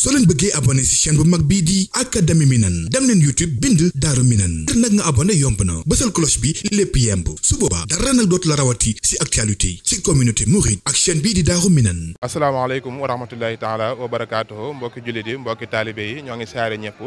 soo leen bëggee abone ci chaîne bu mag bii di académie Minane dem leen YouTube bind Daaru Minane ngir nag nga abonné yomb na bësal cloche bi lépp yemb su boobaa dara nag dootu la rawati ci actualité ci communauté mouride ak chaîne bii di Daaru Minane asalaamaaleykum wa rahmatullahi taala wa barakaatuhu mbokki jullit yi mbokki taalibe yi ñoo ngi saare ñëpp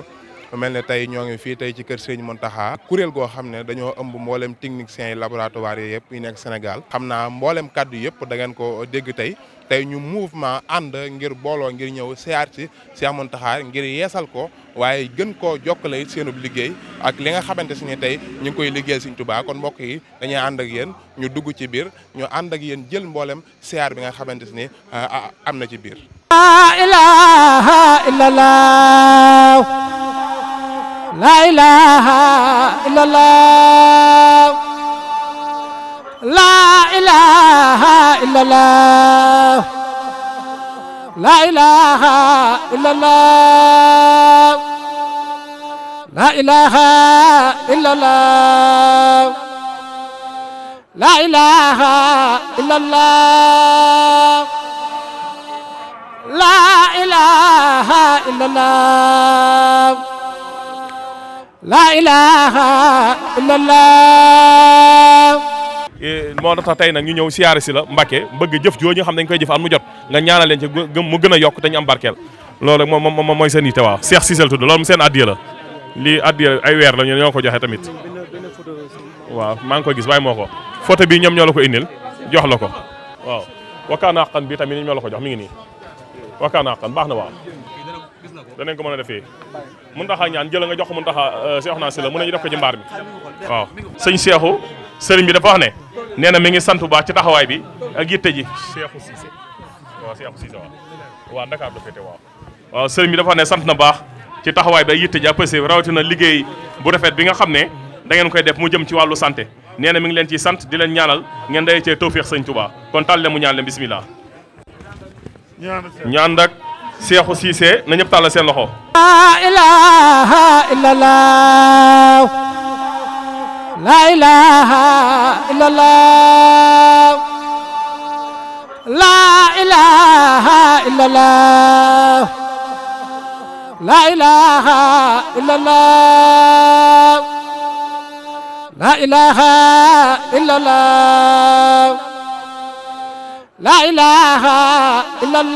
mu mel ne tey ñoo ngi fii tey ci kër Serigne Mountakha kuréel goo xam ne dañoo ëmb mboolem techniciens yi laboratoire yi yëpp yi nekk Sénégal xam naa mboolem kàddu yëpp da ngeen ko dégg tey tey ñu mouvement ànd ngir booloo ngir ñëw siyaar ci Serigne Mountakha ngir yeesal ko waaye gën koo jokkale it seenub liggéey ak li nga xamante si ni tey ñu ngi koy liggéey Serigne Touba kon mbokk yi dañuy ànd ak yéen ñu dugg ci biir ñu ànd ak yéen jël mboolem siyaar bi nga xamante si ni ah, ah, am na ci biir. ilaaha illallaah la ilaha illallah la la ilaha illallah la la ilaha illallah la laa ilaaha illallah. Eh, moo tax tey nag ñu ñëw siyaare si la Mbacke bëgg jëf joo ñu xam dañ koy jëf at mu jot nga ñaanal leen ci mu gën a yokk te ñu am barkeel loolu moom mooy seen yitte waaw. Cheikh Cissé la tudd loolu la lii addiya weer la ñu ñoo ko joxe tamit waaw maa gis waaye moo ko photo bi ñoom ñoo la ko indil jox la ko waaw. wakaana xaqan bi tamit ñoo la ko jox mi ngi nii wakaana xaqan baax na waa danañ ko mën a def fii mun taxaa ñaan jëla nga jox ko mun taxaa Cheikh euh, naa si la mën def ko ci mbaar mi waaw sëñ Cheikhu sëriñ bi dafa wax ne nee na mi ngi sant baax ci taxawaay bi ak yitte ji Cheikhu Cissé waaw Cheikhu waa Dakar la féete waaw bi dafa sant na baax ci taxawaay bi ak yitte ji rawatina liggéey bu rafet bi nga xam ne dangeen koy def mu jëm ci wàllu santé nee na mi ngi leen ciy sant di leen ñaanal ngeen day cee tawféex sëñ Touba kon tàlle mu ñaan leen bismillah ñaan ak Seexu Siise na ñëpp tàllal seen loxo laa ilaaha illallah laa ilaaha illallah la ilaha illallah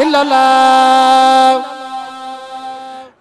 la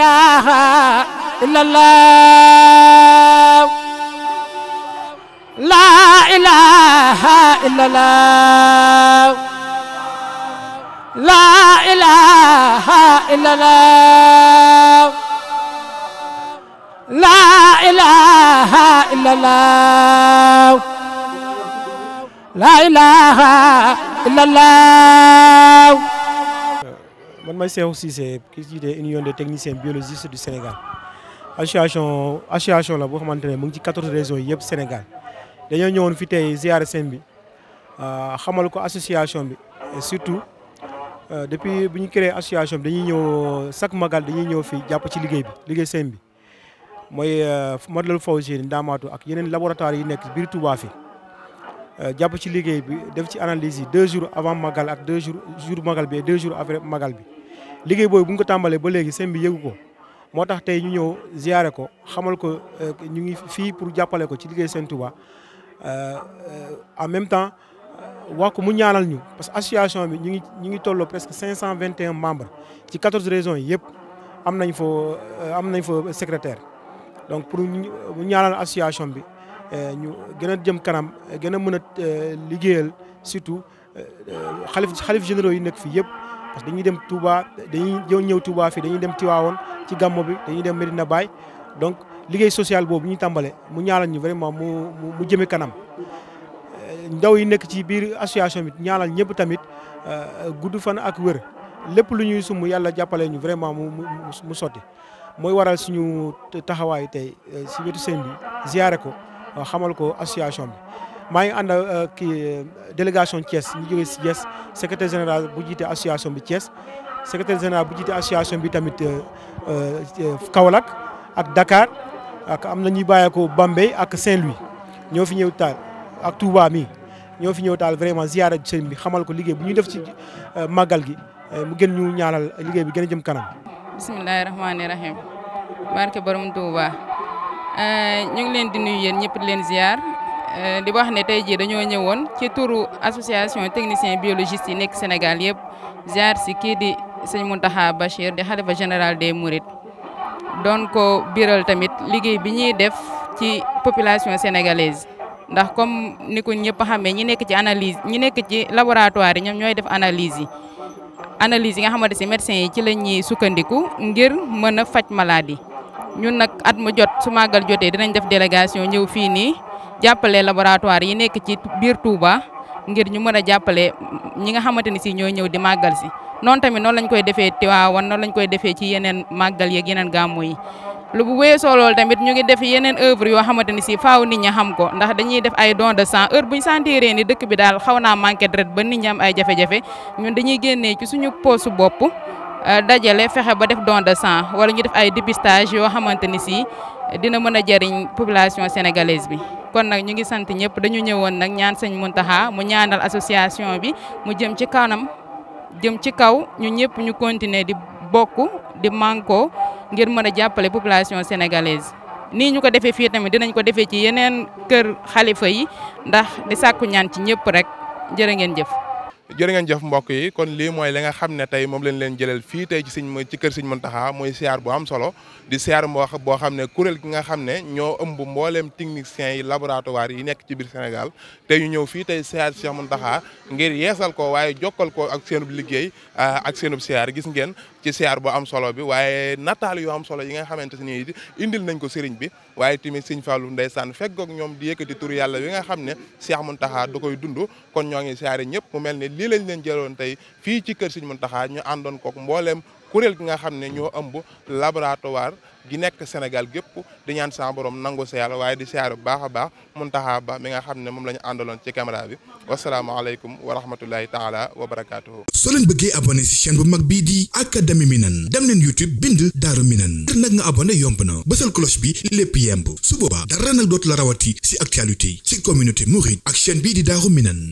ilaha la ilaha illallah la man may Cheikhou Cissé ki jiite union des techniciens biologistes du Sénégal association association la boo xamante ne mu ngi ci quatorze régions yëpp Sénégal dañoo ñëwoon fi tey ziar seen bi ah, xamal ko association bi surtout euh, depuis bu ñu créé association bi dañuy ñëw chaque magal dañuy ñëw fii jàpp ci liggéey bi liggéey seen bi mooy euh, Matlaboul Fawzeyni Ndamatou ak yeneen laboratoire yi nekk biir Touba fi Euh, jàpp ci liggéey bi def ci analyse yi deux jours avant magal ak deux jours magal bi et deux jours après magal bi liggéey booy bu ñu ko tàmbalee ba léegi sëñ bi yëgu ko moo tax tey ñu ñëw ziare ko xamal ko euh, ñu ngi fii pour jàppale ko ci liggéey sëñ Touba euh, en même temps wax ko mu ñaanal ñu parce que association bi ñu ngi ñu ngi tolloo presque cinq cent vingt et un membres ci quatorze régions yi yëpp am nañ fa am nañ fa secrétaire donc pour mu ñaanal association bi Euh, ñu gën a jëm kanam gën a mën a euh, liggéeyal surtout euh, xalif xalif généraux yi nekk fii yëpp parce que dañuy dem Touba dañuy ñëw Touba fi dañuy dem Tiwaawoon ci gàmmo bi dañuy dem na Baye donc liggéey social boobu ñu tàmbale mu ñaanal ñu vraiment mu mu jëme kanam ndaw yi nekk ci biir association bi ñaanal ñëpp tamit gudd fan ak wér lépp lu ñuy sumb yàlla jàppalee ñu vraiment mu mu sotti mooy waral suñu taxawaayu tey si wetu sëñ bi ziyaare ko. xamal ko association bi maa ngi ànd ak euh, kii euh, délégation Thiès ñu jógee si Thiès secrétaire général bu jiite association bi Thiès secrétaire général bu jiite association bi tamit euh, Kaolack ak Dakar ak am na ñuy bàyyeekoo Bambey ak Saint-Louis ñoo fi ñëw taal ak Touba mi ñoo fi ñëw taal vraiment ziara sëriñ bi xamal ko liggéey bu ñu def ci màggal gi mu gën ñu ñaanal liggéey bi gën a jëm kanam. bisimilah barke borom Touba. Euh, ñu ngi leen di nuyu yéen ñëpp di leen ziar euh, di wax ne tey jii dañoo ñëwoon ci turu association technicien biologiste yi nekk Sénégal yëpp ziar si kii di sëñ Mountakha Bachir di xalifa général des Mourides don ko biral tamit liggéey bi ñuy def ci population sénégalaise ndax comme ni ko ñëpp xamee ñi nekk ci analyse ñi nekk ci laboratoire yi ñoom ñooy def analyse yi analyse yi nga xamante si médecins yi ci la ñuy sukkandiku ngir mën a faj maladie ñun nag at mu jot su màggal jotee dinañ def délégation ñëw fii nii jàppale laboratoire yi nekk ci biir Touba ngir ñu mën a jàppale ñi nga xamante ni si ñooy ñëw di màggal si noonu tamit noonu lañ koy defee Tiwaawan noonu lañ koy defee ci yeneen màggal yeeg yeneen gàmmu yi lu bu weesoo loolu tamit ñu ngi def yeneen œuvre yoo xamante ni si faaw nit ñi xam ko ndax dañuy def ay don de sang heure buñ sentiree ni dëkk bi daal xaw na manqué deret ba nit ñi am ay jafe-jafe ñun dañuy génnee ci suñu poosu bopp Euh, dajale fexe ba def don de sang wala ñu def ay dépistage yoo xamante ni si dina mën a jariñ population sénégalaise bi kon nag ñu ngi sant ñëpp dañu ñëwoon nag ñaan sëñ Muntaxa mu ñaanal association bi mu jëm ci kanam jëm ci kaw ñu ñëpp ñu continuer di bokk di manko ngir mën a jàppale population sénégalaise nii ñu ko defee fii tamit dinañ ko defee ci yeneen kër xalifa yi ndax di sàkku ñaan ci ñëpp rek jërë ngeen jëf jërë ngeen jëf mbokk yi kon lii mooy li nga xam ne tey moom leen leen jëlal fii tey ci mooy ci kër sëñ Mountakha muy siyaar bu am solo di siyaar moo boo xam ne kuréel gi nga xam ne ñoo ëmb mbooleem techniciens yi laboratoire yi nekk ci biir Sénégal tey ñu ñëw fii tey siyaar Cheikh Mountakha ngir yeesal ko waaye jokkal ko ak seenub liggéey ah, ak seenub siyaar gis ngeen ci siyaar bu am solo bi waaye nataal yu am solo yi nga xamante ni nii indil nañ ko sëriñ bi waaye tamit sëñ Fallou ndeysaan feggoog ñoom di yëkkati tur yàlla wi nga xam ne Cheikh Mountakha da koy dund kon ñoo ngi siyaare ñëpp mu mel ne lii lañ leen jëloon tey fii ci kër mun Mountakha ñu àndoon kook mbooleem kuréel gi nga xam ne ñoo ëmb laboratoire gi nekk Sénégal gépp di ñaan saa borom nangu sa waaye di siyaar bu baax a baax Muntaxa Ba mi nga xam ne moom la ñu àndaloon ci caméra bi wasalaamaaleykum wa rahmatullahi taala wa barakaatuhu soo leen bëggee abonné si chaîne bu mag bii di Académie Minane dem leen YouTube bind Daaru Minane ngir nag nga abonné yomb na bësal cloche bi lépp yemb su boobaa dara nag dootu la rawati si actualité si communauté mouride ak chaîne bii di Daaru Minane